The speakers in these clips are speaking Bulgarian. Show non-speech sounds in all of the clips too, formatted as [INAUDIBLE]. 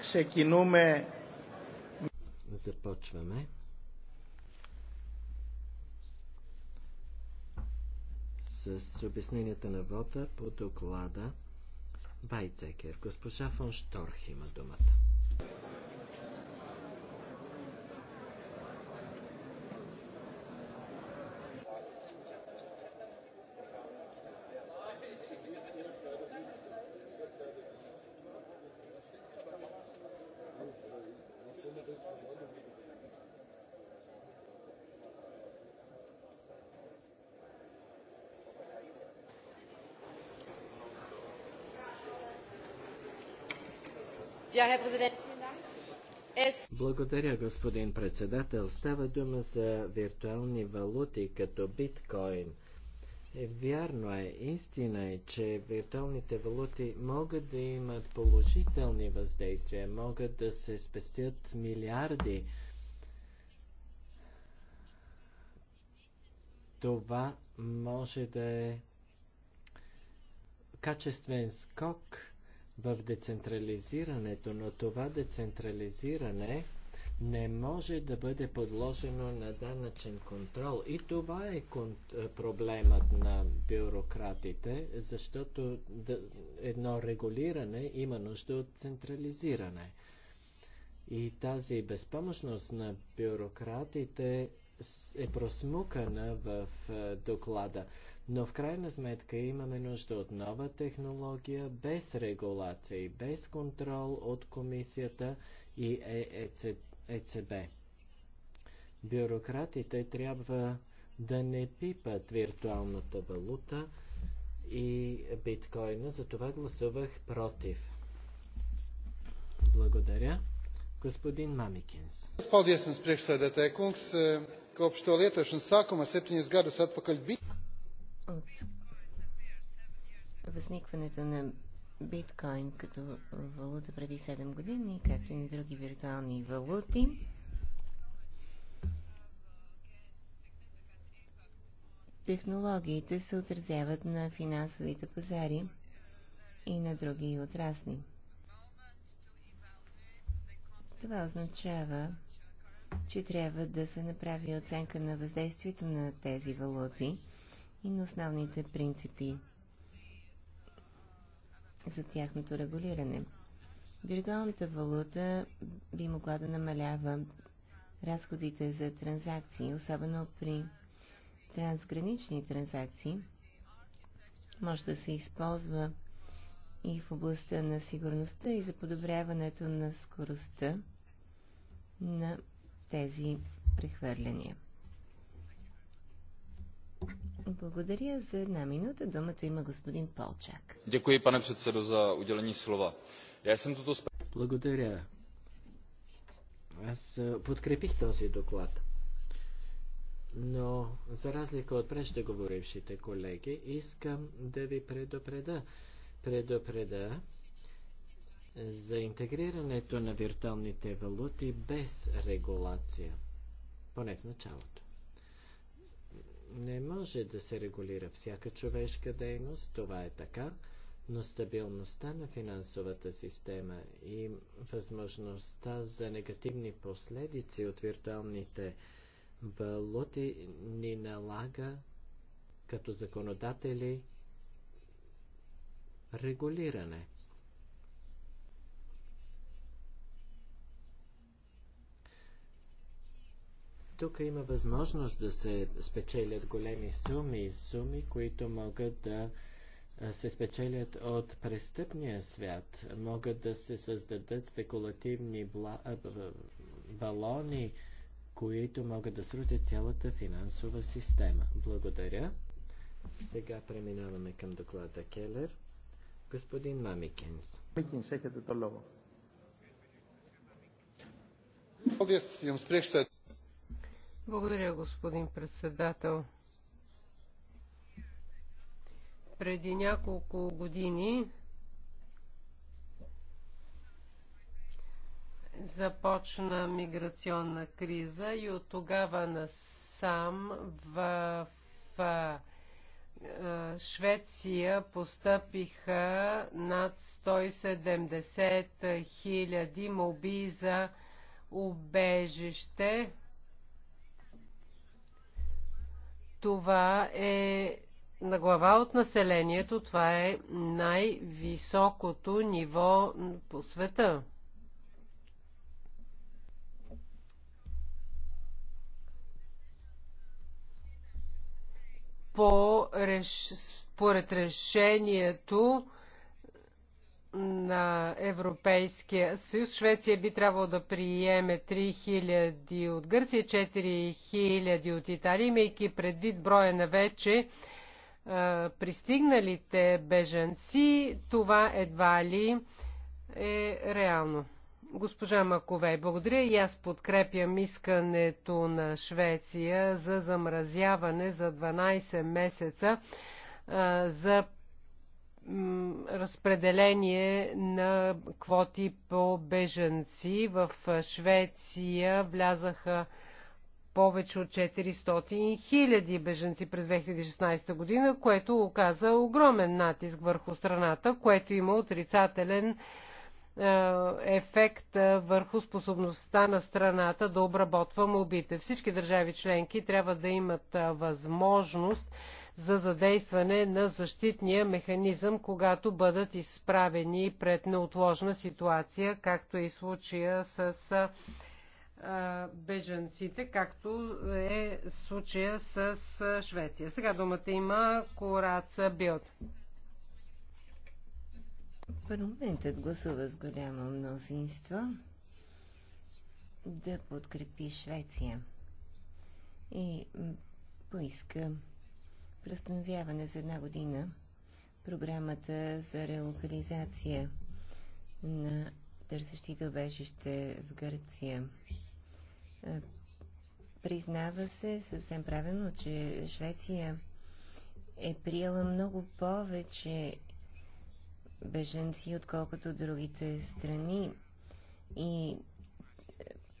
Ξεκινούμε. Започваме. С обясненията на вода по доклада Байцекер. Госпожа фон Шторх има думата. Благодаря, господин председател. Става дума за виртуални валути като биткоин. Е, вярно е, истина е, че виртуалните валути могат да имат положителни въздействия, могат да се спестят милиарди. Това може да е качествен скок – в децентрализирането, но това децентрализиране не може да бъде подложено на данъчен контрол. И това е, е проблемът на бюрократите, защото едно регулиране има нужда от централизиране. И тази безпомощност на бюрократите е просмукана в е, доклада но в крайна сметка имаме нужда от нова технология без и без контрол от комисията и ЕЦБ. Е е Бюрократите трябва да не пипат виртуалната валута и биткоина, затова гласувах против. Благодаря. Господин Мамикинс. Paldies jums priekšsēdētāji kungs. Kopš to lietošanas sākuma septiņus gadus atpakaļ bija от възникването на биткоин като валута преди 7 години, както и на други виртуални валути. Технологиите се отразяват на финансовите пазари и на други отрасли. Това означава, че трябва да се направи оценка на въздействието на тези валути и на основните принципи за тяхното регулиране. Виртуалната валута би могла да намалява разходите за транзакции, особено при трансгранични транзакции. Може да се използва и в областта на сигурността и за подобряването на скоростта на тези прехвърляния. Благодаря за една минута. Думата има господин Полчак. Дякую, пане за уделени слова. Я съм Благодаря. Аз е, подкрепих този доклад. Но, за разлика от преждеговорившите колеги, искам да ви предупреда. Предупреда, за интегрирането на виртуалните валути без регулация, поне в началото не може да се регулира всяка човешка дейност, това е така, но стабилността на финансовата система и възможността за негативни последици от виртуалните валути ни налага като законодатели регулиране – тук има възможност да се спечелят големи суми, суми, които могат да се спечелят от престъпния свят, могат да се създадат спекулативни бла... балони, които могат да срутят цялата финансова система. Благодаря. Сега преминаваме към доклада Келер. Господин Мамикенс. Мамикенс, ехете то лово. Paldies jums priekšsēd благодаря, господин председател. Преди няколко години започна миграционна криза и от тогава насам в, в Швеция постъпиха над 170 хиляди моби за убежище. Това е на глава от населението, това е най-високото ниво по света. По, реш... според решението на Европейския съюз. Швеция би трябвало да приеме 3000 от Гърция, 4000 от Италия, имайки предвид броя на вече пристигналите бежанци. Това едва ли е реално. Госпожа Маковей, благодаря и аз подкрепям искането на Швеция за замразяване за 12 месеца за разпределение на квоти по бежанци. В Швеция влязаха повече от 400 хиляди беженци през 2016 година, което оказа огромен натиск върху страната, което има отрицателен е, ефект върху способността на страната да обработва мобите. Всички държави членки трябва да имат възможност за задействане на защитния механизъм, когато бъдат изправени пред неотложна ситуация, както е и случая с бежанците, както е случая с Швеция. Сега думата има Кораца Билд. Парламентът гласува с голямо мнозинство да подкрепи Швеция и поиска преустановяване за една година програмата за релокализация на търсещите обежище в Гърция. Признава се съвсем правилно, че Швеция е приела много повече беженци, отколкото другите страни. И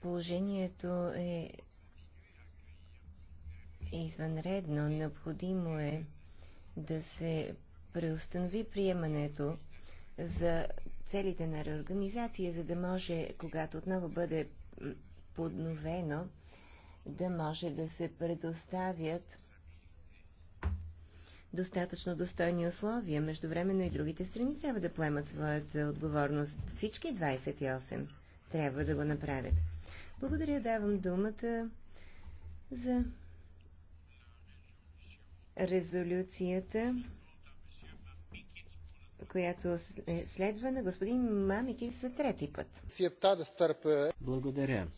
положението е е извънредно. Необходимо е да се преустанови приемането за целите на реорганизация, за да може, когато отново бъде подновено, да може да се предоставят достатъчно достойни условия. Междувременно и другите страни трябва да поемат своята отговорност. Всички 28 трябва да го направят. Благодаря, давам думата за резолюцията, която е следва на господин Мамики за трети път. Благодаря.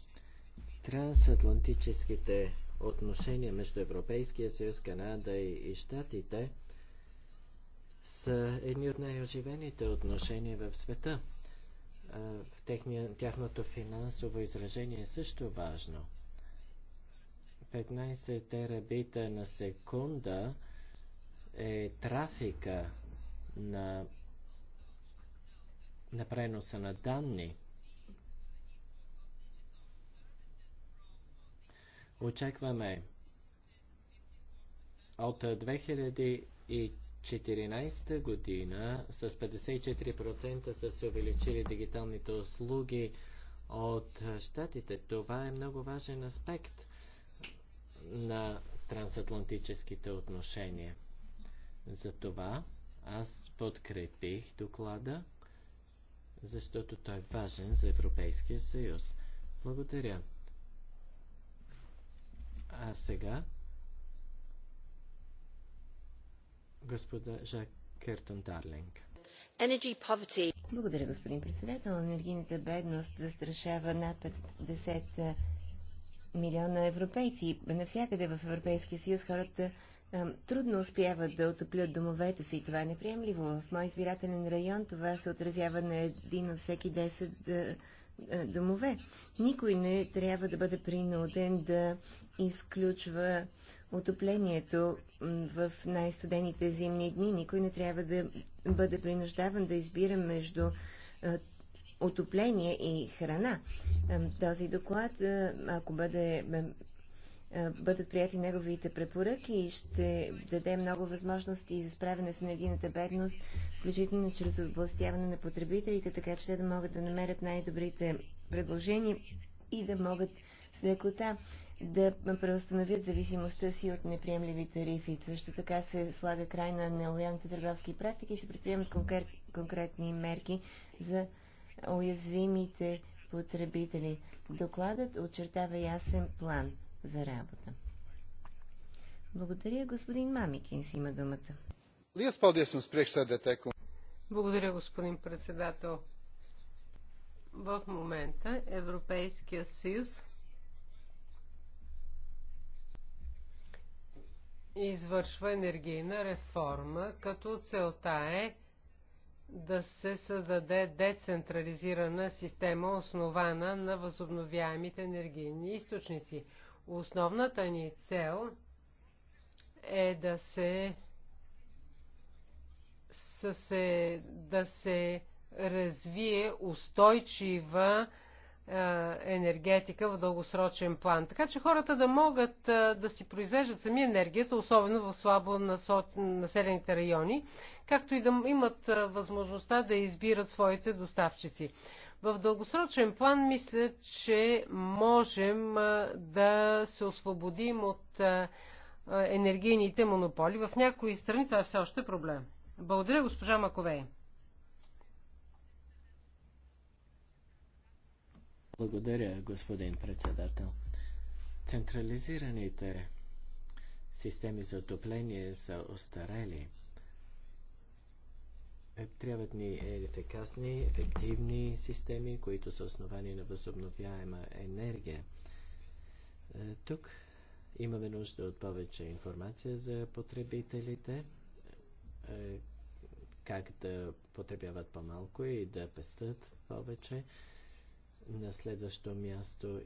Трансатлантическите отношения между Европейския съюз, Канада и Штатите са едни от най-оживените отношения в света. В техния, тяхното финансово изражение е също важно – 15 терабита на секунда е трафика на, на преноса на данни. Очакваме от 2014 година с 54% са се увеличили дигиталните услуги от щатите. Това е много важен аспект – на трансатлантическите отношения. Затова аз подкрепих доклада, защото той е важен за Европейския съюз. Благодаря. А сега господа Жак Кертон Дарлинг. Благодаря, господин председател. Енергийната бедност застрашава над 50 милиона европейци. Навсякъде в Европейския съюз хората а, трудно успяват да отоплят домовете си. Това е неприемливо. В мой избирателен район това се отразява на един от всеки 10 а, домове. Никой не трябва да бъде принуден да изключва отоплението в най-студените зимни дни. Никой не трябва да бъде принуждаван да избира между отопление и храна. Този доклад, е, ако бъде, е, е, бъдат прияти неговите препоръки, ще даде много възможности за справяне с енергийната бедност, включително чрез областяване на потребителите, така че те да могат да намерят най-добрите предложения и да могат с лекота да преустановят зависимостта си от неприемливи тарифи. Също така се слага край на нелоялните търговски практики и се предприемат конкретни мерки за уязвимите потребители. Докладът очертава ясен план за работа. Благодаря, господин Мамикин, си има думата. Благодаря, господин председател. В момента Европейския съюз извършва енергийна реформа, като целта е да се създаде децентрализирана система, основана на възобновяемите енергийни източници. Основната ни цел е да се, се, да се развие устойчива е, енергетика в дългосрочен план. Така че хората да могат е, да си произвеждат сами енергията, особено в слабо населените райони, както и да имат е, възможността да избират своите доставчици. В дългосрочен план мисля, че можем да се освободим от енергийните монополи. В някои страни това е все още проблем. Благодаря, госпожа Маковей. Благодаря, господин председател. Централизираните системи за отопление са остарели. Е, трябват ни е, ефикасни, ефективни системи, които са основани на възобновяема енергия. Е, тук имаме нужда от повече информация за потребителите, как да потребяват по-малко и да пестят повече. На следващо място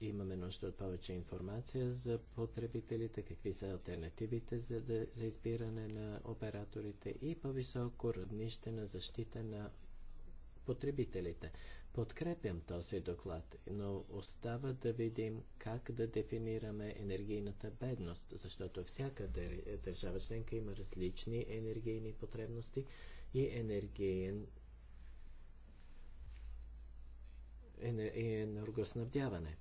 имаме нужда от повече информация за потребителите, какви са альтернативите за, да, за избиране на операторите и по-високо равнище на защита на потребителите. Подкрепям този доклад, но остава да видим как да дефинираме енергийната бедност, защото всяка държава членка има различни енергийни потребности и енергиен и е, е енергоснабдяване.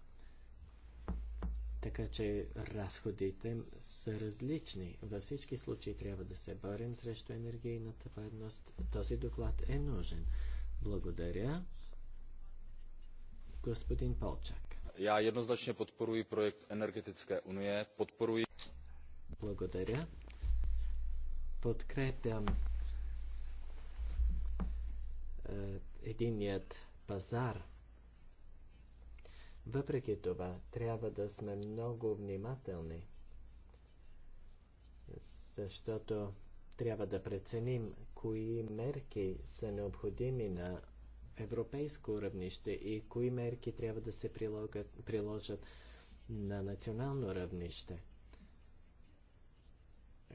Така че разходите са различни. Във всички случаи трябва да се борим срещу енергийната бедност. Този доклад е нужен. Благодаря. Господин Полчак. Я еднозначно подпорую проект Енергетическа уния. Подпорую. Благодаря. Подкрепям е, единият пазар въпреки това, трябва да сме много внимателни, защото трябва да преценим кои мерки са необходими на европейско равнище и кои мерки трябва да се прилагат, приложат на национално равнище.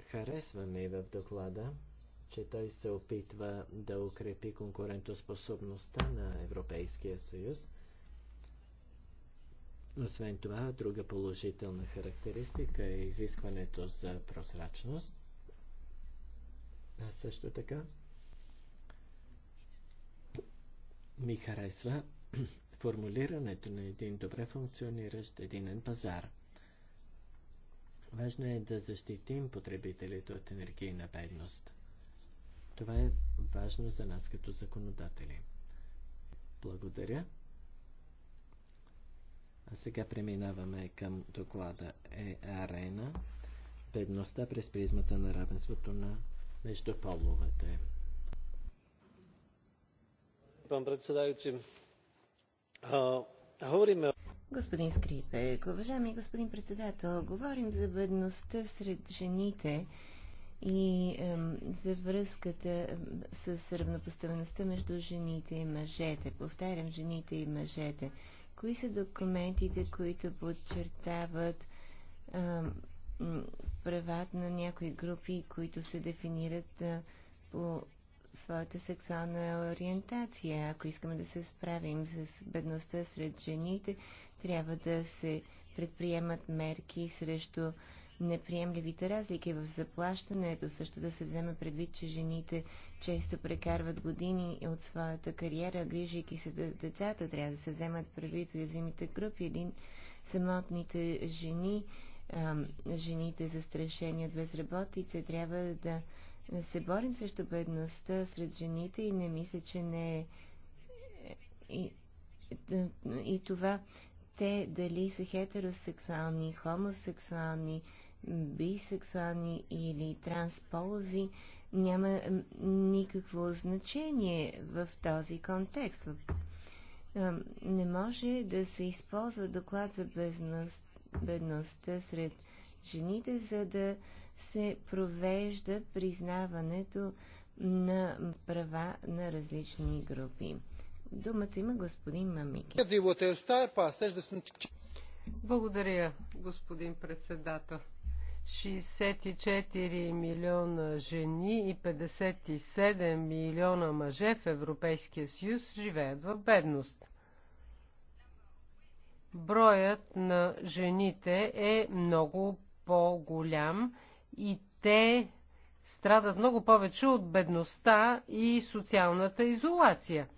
Харесва ми в доклада, че той се опитва да укрепи конкурентоспособността на Европейския съюз – освен това, друга положителна характеристика е изискването за прозрачност. А също така ми харесва [CLEARS THROAT] формулирането на един добре функциониращ единен пазар. Важно е да защитим потребителите от енергийна бедност. Това е важно за нас като законодатели. Благодаря. А сега преминаваме към доклада е арена. Бедността през призмата на равенството на между говорим. Господин Скрипек, уважаеми господин председател, говорим за бедността сред жените и е, за връзката с равнопоставеността между жените и мъжете. Повтарям, жените и мъжете. Кои са документите, които подчертават а, правата на някои групи, които се дефинират а, по своята сексуална ориентация. Ако искаме да се справим с бедността сред жените, трябва да се предприемат мерки срещу неприемливите разлики в заплащането, също да се вземе предвид, че жените често прекарват години от своята кариера, грижайки се за децата, трябва да се вземат предвид уязвимите групи, един самотните жени, жените застрашени от безработица, трябва да се борим срещу бедността сред жените и не мисля, че не е, е и, и това те дали са хетеросексуални, хомосексуални, бисексуални или трансполови, няма никакво значение в този контекст. Не може да се използва доклад за бедност, бедността сред жените, за да се провежда признаването на права на различни групи. Думата има господин Мамики. Благодаря, господин председател. 64 милиона жени и 57 милиона мъже в Европейския съюз живеят в бедност. Броят на жените е много по-голям и те страдат много повече от бедността и социалната изолация.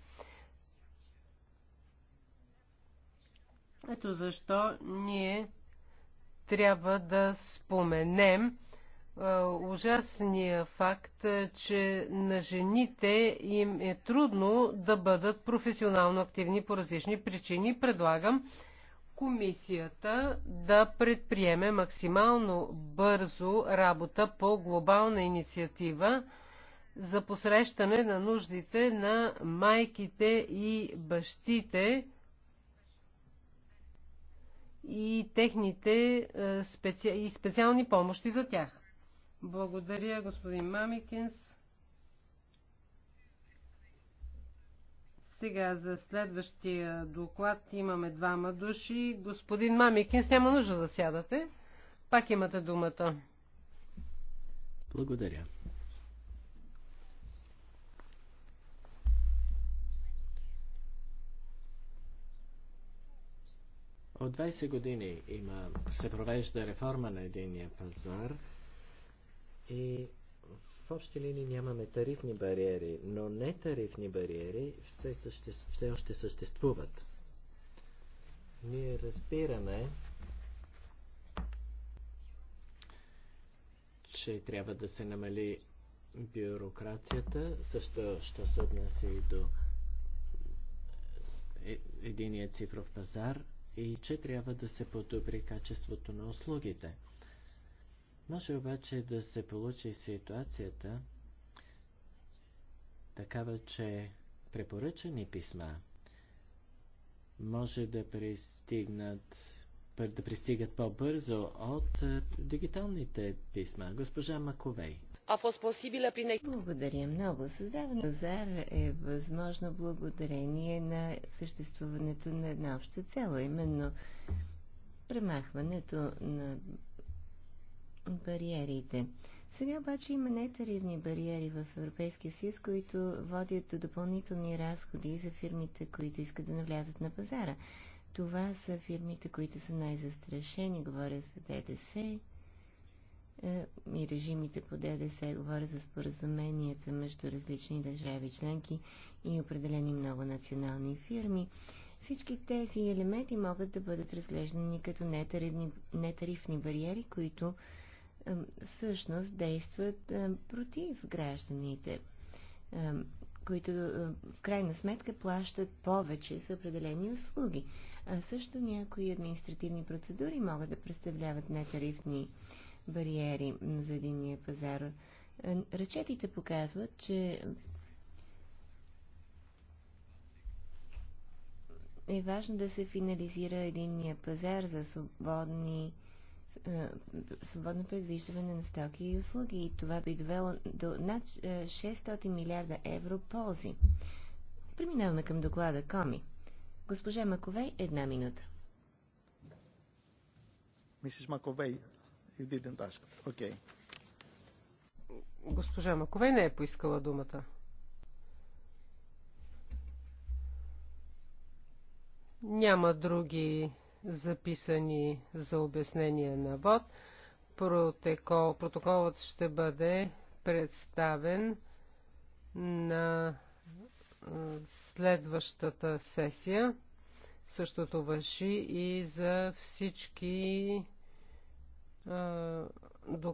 Ето защо ние трябва да споменем ужасния факт, че на жените им е трудно да бъдат професионално активни по различни причини. Предлагам комисията да предприеме максимално бързо работа по глобална инициатива за посрещане на нуждите на майките и бащите, и техните е, специ... и специални помощи за тях. Благодаря, господин Мамикинс. Сега за следващия доклад имаме двама души. Господин Мамикинс, няма нужда да сядате. Пак имате думата. Благодаря. От 20 години има, се провежда реформа на единния пазар и в общи линии нямаме тарифни бариери, но нетарифни бариери все, съще, все още съществуват. Ние разбираме, че трябва да се намали бюрокрацията, също, що се отнася и до е, единия цифров пазар, и че трябва да се подобри качеството на услугите. Може обаче да се получи ситуацията такава, че препоръчани писма може да пристигнат да пристигат по-бързо от е, дигиталните писма. Госпожа Маковей a fost posibilă prin... Благодаря много. Създаване на пазар е възможно благодарение на съществуването на една обща цела, именно премахването на бариерите. Сега обаче има нетарифни бариери в Европейския съюз, които водят до допълнителни разходи за фирмите, които искат да навлязат на пазара. Това са фирмите, които са най-застрашени, говоря за ДДС, е, и режимите по ДДС, говоря за споразуменията между различни държави членки и определени много национални фирми. Всички тези елементи могат да бъдат разглеждани като нетарифни, нетарифни бариери, които всъщност действат е, против гражданите, които е, в крайна сметка плащат повече за определени услуги. А също някои административни процедури могат да представляват нетарифни бариери бариери за единния пазар. Е, разчетите показват, че е важно да се финализира единния пазар за свободни е, свободно предвиждане на стоки и услуги и това би довело до над 600 е, милиарда евро ползи. Преминаваме към доклада Коми. Госпожа Маковей, една минута. Мисис Маковей, You didn't ask. Okay. Госпожа Маковей не е поискала думата. Няма други записани за обяснение на ВОД. Протокол, протоколът ще бъде представен на следващата сесия. Същото върши и за всички е, до